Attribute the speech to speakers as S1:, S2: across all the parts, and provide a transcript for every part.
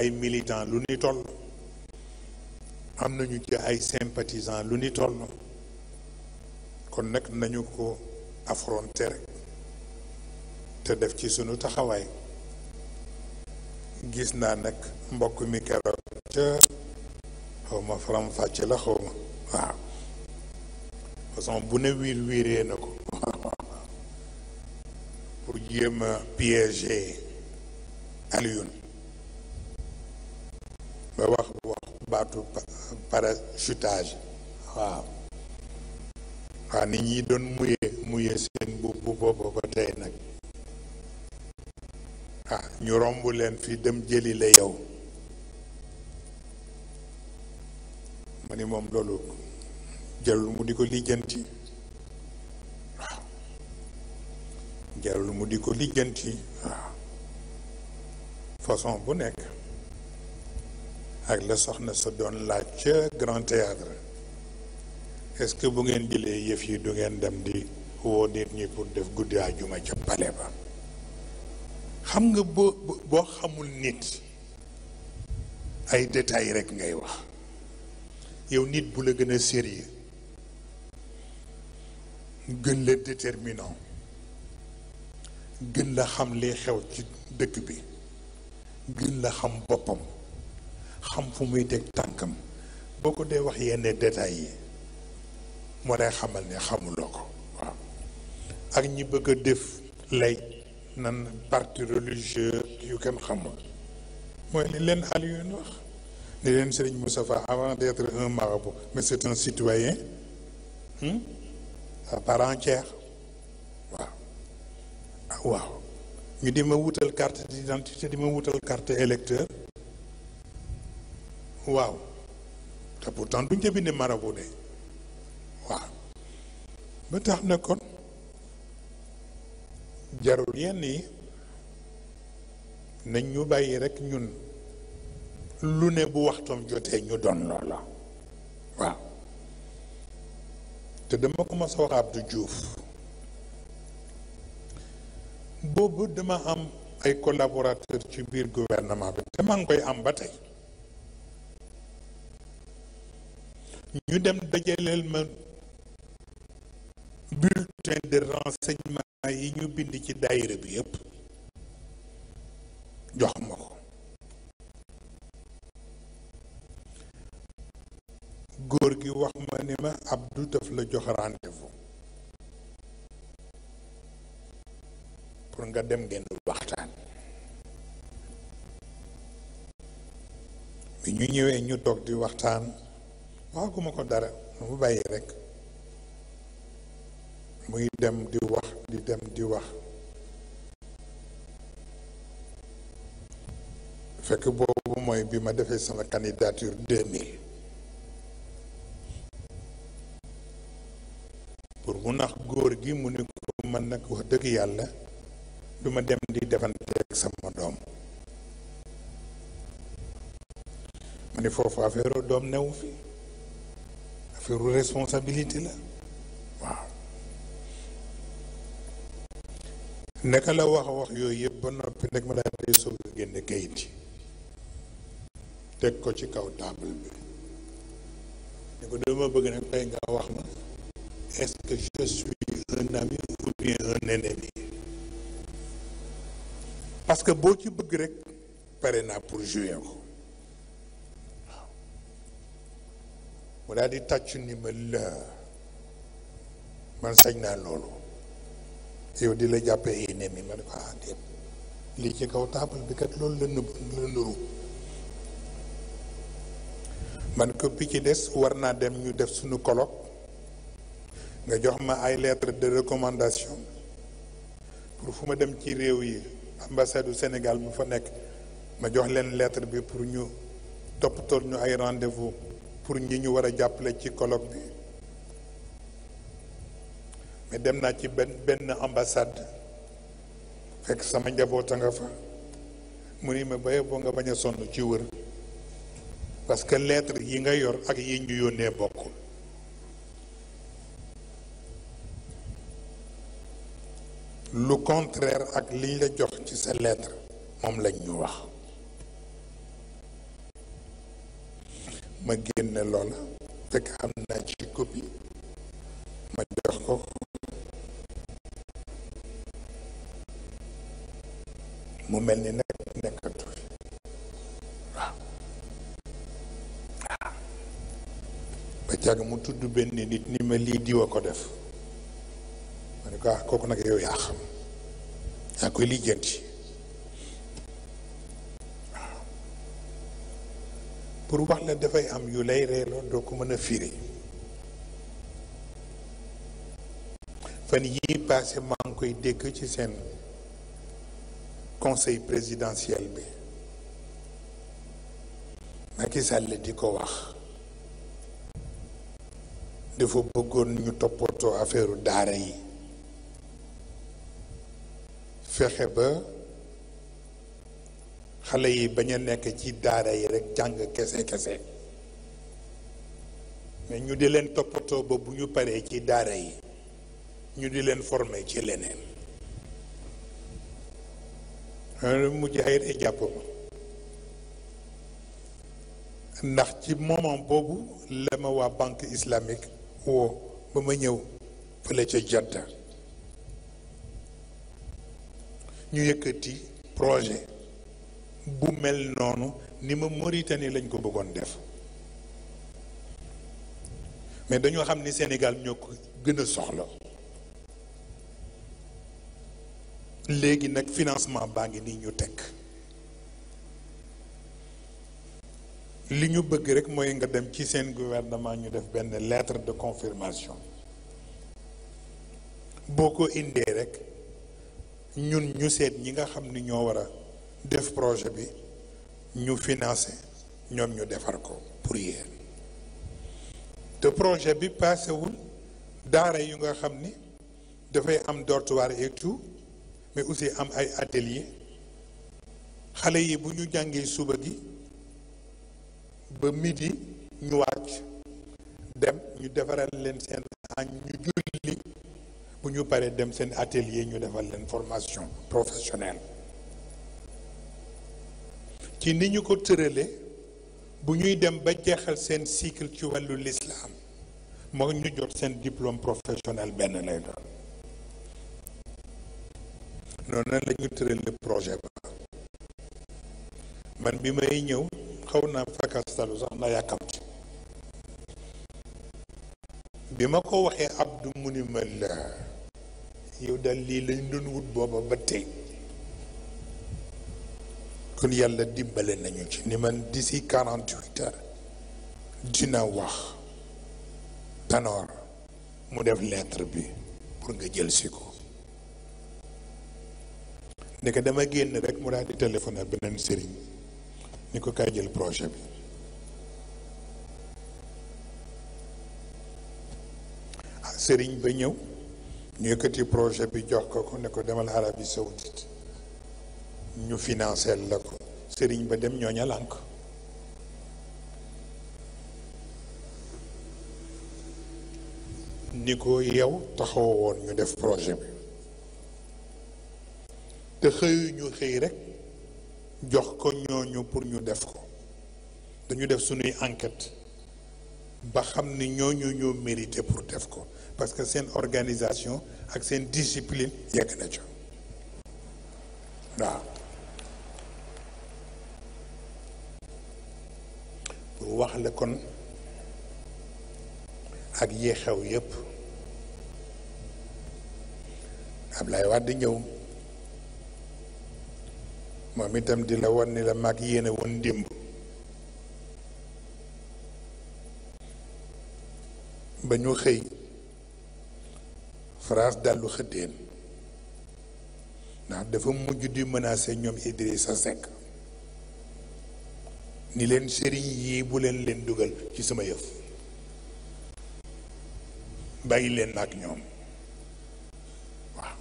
S1: ay militants lu ni toll am nañu ci ay sympathisants lu ni toll kon nag nañu ko affronter rek te def ci sunu taxawaay gis naa nag mbokk mi keroog ca xaw ma faram fàcc la xaw waaw façon bu ne wiir wiiree na ko pour jéem a piéger Alioune ba wax wax baatu parachutage waaw waaw nit ñi doon muye muye seen bubbu booba ba tey nag ah ñu romb fi dem jëli la yow ma moom loolu jarul mu di ko lijjanti waaw jarul mu di ko lijjanti waaw façon bu nekk ak la soxna sa doon laaj ca grand théâtre est-ce que bu ngeen jëlee yëf yi du ngeen dem di woo nit ñi pour def guddi àjjuma ca palais ba xam nga boo boo xamul nit ay détails rek ngay wax yow nit bu la gën a sérieux gën la déterminant gën la xam li xew ci dëkk bi gën la xam boppam xam fu muy teg tànkam boo ko dee wax yenn détails yi moo lay xamal ne xamuloo ko waaw ak ñi bëgg a def lay nan parti religieux yu kenn xamul mooy li leen Alioune wax ni leen Serigne Moustapha avant d'être un marabout mais c'est un citoyen hmm, à entière ah, waaw ñu di ma wutal carte d'identité di ma wutal carte électeur waaw te pourtant duñ ca bind marabu de waaw ba tax na kon jarul yenn yi nañ ñu bàyyi rekk ñun lu ne bu waxtoom jotee ñu doon loola waaw te dama ko mas a wax Abdou Diouf boobu dama am ay collaborateur ci biir gouvernement bi te maa ngi koy am ba tey ñu dem dajaleel ma bulletin de renseignement yi ñu bind ci daayira bi yépp jox ma ko góor gi wax ma ni ma Abdou daf la jox rendez pour nga dem ngeen waxtaan bi ñu ñëwee ñu toog di waxtaan waxaguma ko dara mu bàyyi rek muy dem di wax di dem di wax fekk boobu mooy bi ma defee sama candidature 2000 pour mu nax góor gi mu ni ko mën nag wax yàlla du ma dem di defanteeg sama doom ma ni foofu doom newu fii affaire responsabilité la waaw naka la wax yooyu yëpp ba noppi nag ma daal di soog a génne kayit yi teg ko ci kaw table bi ne ko dama bëgg nag tey nga wax ma est que je suis un ami ou bien un ennemi parce que boo ci bëgg rek pare naa pour jouer ko mu daal di tàccu ni ma la man sañ naa loolu yow di la jàppee ennemi ma ne ko ah déet lii ci kaw taabal bi kat loolu la nëbb la nuru man ko bi ci des war naa dem ñu def suñu colloque nga jox ma ay lettre de recommandation pour fu ma dem ci réew yi ambassade du Sénégal mu fa nekk ma jox leen lettre bi pour ñu toppatool ñu ay rendez-vous pour ñi ñu war a jàppale ci colloque bi mais dem naa ci benn benn ambassade fekk sama njaboota nga fa mu ni ma baye boo nga bañ a sonn ci wër parce que lettre yi nga yor ak yi ñu yónnee bokkul lu contraire ak liñ la jox ci sa lettre moom lañ wax ma génne loola fekk xam naa ci copie ma jox ko mu mel ni nag nekkatu fi ba jàgg mu tudd benn nit ni ma lii diwa ko def ma ah, kooku nag yow yaa xam yaa koy lijjanti pour wax la dafay am yu lay reeloo doo ko mën a firi fan yii passé maa koy dégg ci seen conseil présidentiel bi Macky Sall di ko wax dafa bëggoon ñu toppatoo affaire daara yi fexe ba xale yi bañ a nekk ci daara yi rekk jàng kese kese mais ñu di leen toppatoo ba bu ñu paree ci daara yi ñu di leen former ci leneen loolu mujj xëy ndax ci moment boobu la ma waa banque islamique woo ba ma ñëw fële ca Jadda ñu yëkkati projet bu mel noonu ni ma Mauritanie lañ ko bëggoon def mais dañoo xam ni Sénégal ñoo ko gën soxla léegi nag financement baa ngi nii ñu teg li ñu bëgg rek mooy nga dem ci seen gouvernement ñu def benn lettre de confirmation boo ko indee rek ñun ñu seet ñi nga xam ni ñoo war a def projet bi ñu financé ñoom ñu defar ko pour yéen te projet bi paasewul daara yu nga xam ni dafay am dortoir et mais aussi am ay atelier xale yi bu ñu jàngee suba gi ba midi ñu wàcc dem ñu defaral leen seen añ ñu julli bu ñu paree dem seen atelier ñu defal leen formation professionnelle ci ni ñu ko tërale bu ñuy dem ba jeexal seen cycle ci wàllu lislaam moo ñu jot seen diplôme professionnel benn lay doon noonu la ñu projet ba man bi may ñëw xaw naa fakastalu sax na yàkkamti bi ma ko waxee Abdou mu ni ma yow daal lii lañ doon wut booba ba tey kon yàlla dimbale nañu ci ni man d'ici quarante-huit heures dina wax Tanor mu def lettre bi pour nga jël si ko ne dama génn rek mu daal di téléphoné beneen sëriñ ni ko kaay jël projet bi ah sëriñ ba ñëw ñu yëkkati projet bi jox ko ko ne ko demal Arabie Saoudite ñu financé la ko sëriñ ba dem ñooña lànk ni ko yow taxaw woon ñu def projet bi te xëyu ñu xëy rek jox ko ñooñu pour ñu def ko dañu def suñuy enquête ba xam ni ñooñu ñoo mérité pour def ko parce que seen organisation ak seen discipline yegg na ca waaw wax la kon ak yi xew yépp Ablaye Wade ñëw moom itam di la wan ni la mag yéene woon démb ba ñu xëy France dallu xëddeen ndax dafa mujj di menacer ñoom Idrissa Seck ni leen sëriñ yii bu leen leen dugal ci sama yëf bàyyi leen ak ñoom waaw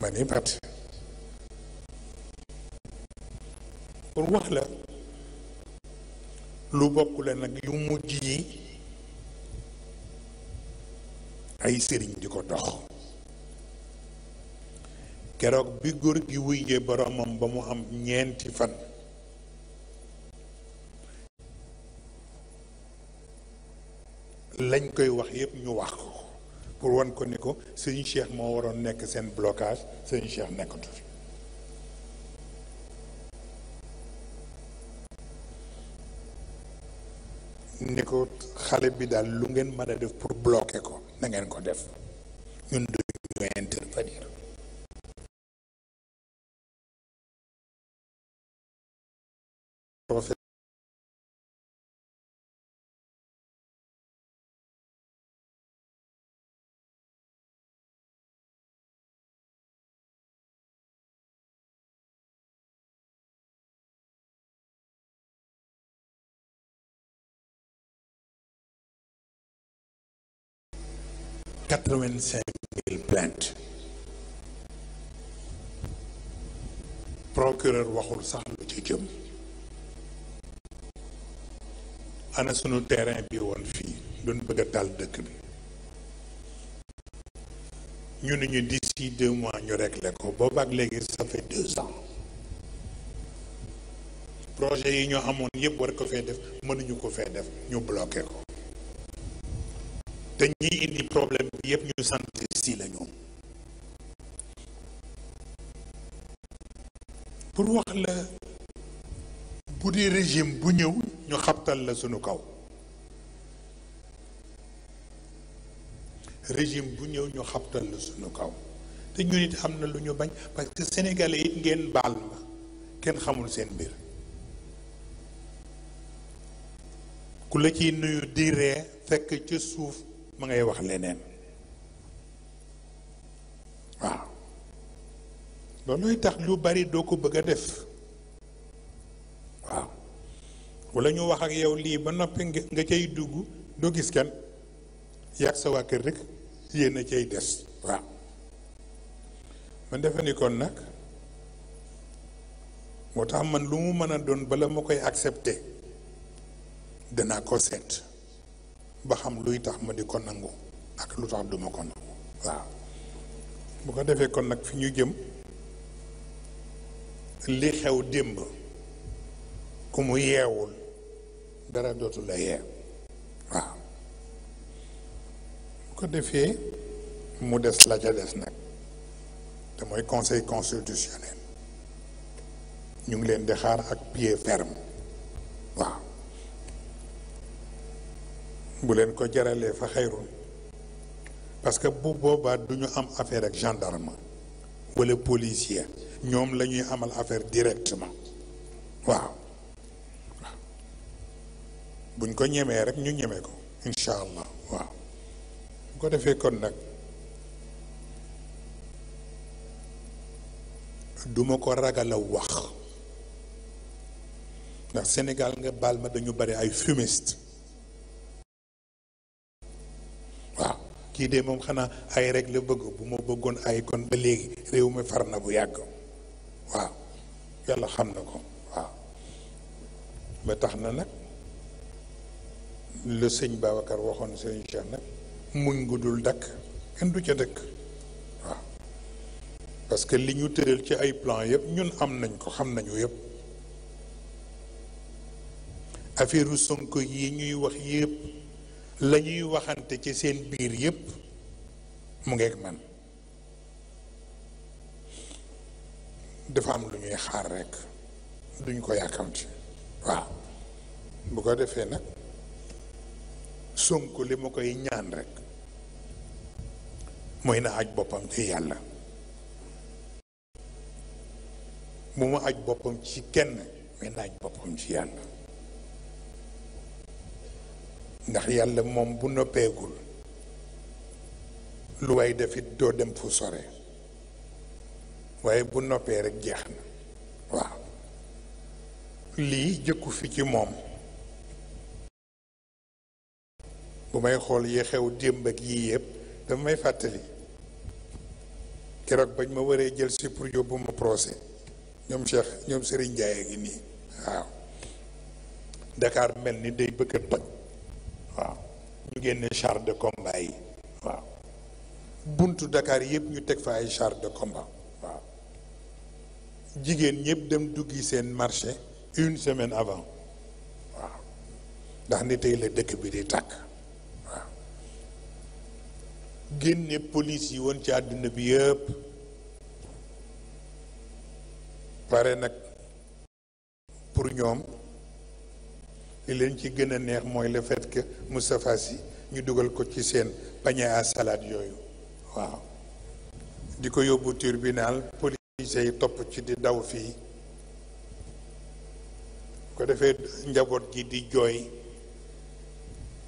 S1: ma ni pat pour wax la lu bokk la nag yu mujj yi ay sëriñ di ko dox keroog bi góor gi wuyjee boroomam ba mu am ñeenti fan lañ koy wax yépp ñu wax ko pour wan ko ni ko sëñ Cheikh moo waroon nekk seen blocage sëñ Cheikh nekkatu fi ni ko xale bi daal lu ngeen mën a def pour bloquer ko na ngeen ko def quatre-vingt-cinq mille plaintes procureur waxul sax lu ci jëm ana sunu terrain bi woon fii duñ bëgg a taal dëkk bi ñu nu ñu di d'ici deux mois ñu réglé ko boobaak léegi sa fait deux ans projet yi ñoo amoon yëpp war ko fee def mënuñu ko fee def ñu bloqué ko te ñiy indi problème bi yëpp ñu sant si la ñoom pour wax la bu di régime bu ñëw ñu xabtal la sunu kaw régime bu ñëw ñu xabtal la kaw te ñu nit am na lu ñu bañ parce que it ngeen baal ma kenn xamul seen mbir ku la ciy nuyu di ree fekk ci suuf ma ngay wax leneen waaw loolooy tax lu bari doo ko bëgg a def waaw walla ñu wax ak yow lii ba noppi nga cay dugg doo gis kenn yàgg sa waa kër rek yéen a cay des waaw man defe ni kon nag moo tax man lu mu mën a doon bala ma koy accepte danaa ko seet ba xam luy tax ma di ko nangu ak lu tax duma ko nangu waaw bu ko defee kon nag fi ñu jëm li xew démb ku mu yeewul dara dootu la yeew waaw bu ko defee mu des la ca des nag te mooy conseil constitutionnel ñu ngi leen di xaar ak pied ferme waaw bu leen ko jaralee fa xayrun parce que bu boobaat du ñu am affaire ak gendarment wala policier ñoom la ñuy amal affaire directement waaw buñ ko ñemee rek ñu ñeme ko incha allah waaw bu ko defee kon nag duma ko ragal a wax ndax Sénégal nga baal ma dañu bari ay fumiste kii de moom xanaa ay rek la bëgg bu ma bëggoon ay kon ba léegi réew mi farna bu yàgg waaw yàlla xam na ko waaw ba tax na nag le sëñ Babacar waxoon sëñ Cheikh nag mu gu dul dakk kenn du ca dëkk waaw parce que li ñu tëral ci ay plan yëpp ñun am nañ ko xam nañu yëpp affaire Sonko yi ñuy wax yëpp la ñuy waxante ci seen biir yépp mu ngeeg man dafa am lu ñuy xaar rekk duñ ko yàkkamti waaw bu ko defee nag Sonko li ma koy ñaan rekk mooy na aj boppam ci yàlla bu mu aj boppam ci kenn mais na aj boppam ci yàlla ndax yàlla moom bu noppeegul lu waay defit doo dem fu sore waaye bu noppee rek jeex na waaw lii jëkku fi ci moom bu may xool yi xew démb yii yëpp dafa may fàttali keroog bañ ma waree jël si pour yóbbu ma procès ñoom Cheikh ñoom Serigne njaay gi nii waaw Dakar mel ni day bëgg toj ñu génne char de combat yi waaw buntu Dakar yëpp ñu teg fa ay char de combat waaw jigéen ñëpp dem duggi seen marché une semaine avant waaw ndax ni tey la dëkk bi di tàkk waaw génne police yi woon ci àddina bi yëpp pare nag pour ñoom li leen ci gën neex mooy le fait que Moustapha ñu dugal ko ci seen panier à salade yooyu waaw di ko yóbbu tribunal policiers yi topp ci di daw fii ko defee njaboot gi di jooy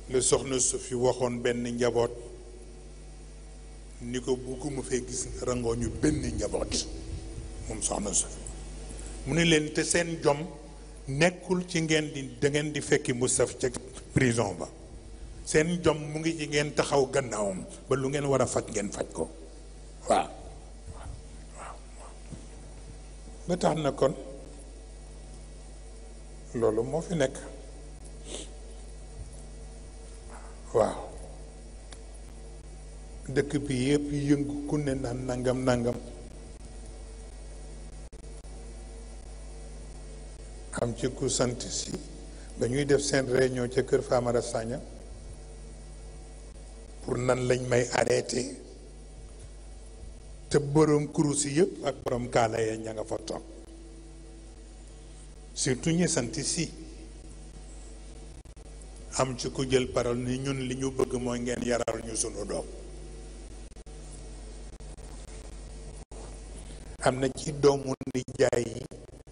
S1: lu soxna su fi waxoon benn njaboot ni ko bugguma fee gis rangoo ñu benn njaboot moom soxna su fi mu ne leen te seen jom nekkul ci ngeen di da ngeen di fekki Moustapha prison ba seen jom mu ngi ci ngeen taxaw gannaawam ba lu ngeen war a faj ngeen faj ko waaw ba tax na kon loolu moo fi nekk waaw dëkk bi yépp yëngu ku ne naan nangam nangam am ci ku sant si dañuy def seen réunion ca kër faamara Sagna pour nan lañ may arrêté te borom kurus yëpp ak borom kaala ya ña nga fa toog surtout ñi sant si am ci ku jël parole ni ñun li ñu bëgg mooy ngeen yaral ñu sunu doom am na ci doomu nijaay yi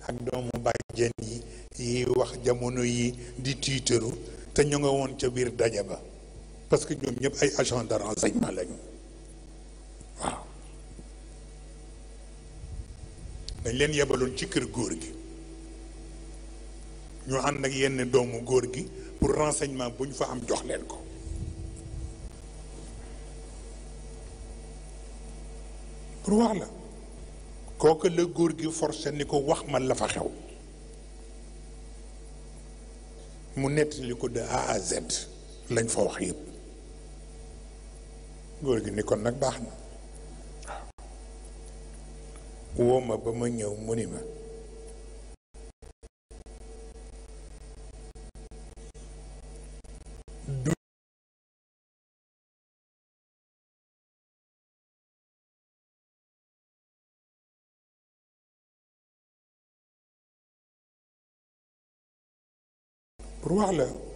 S1: ak doomu bàjjen yi yi wax jamono yi di tiitaru te ñu nga woon ca biir daje ba parce que ñoom ñëpp ay agent de renseignement lañu waaw dañ leen yebaloon ci kër góor gi ñu ànd ak yenn doomu góor gi pour renseignement bu ñu fa am jox leen ko pour wax la kooku la góor gi forcé ni ko wax ma la fa xew mu nettali ko de A à Z lañ fa wax yëpp góor gi ni kon nag baax na waaw ma ba ma ñëw mu ni ma roi la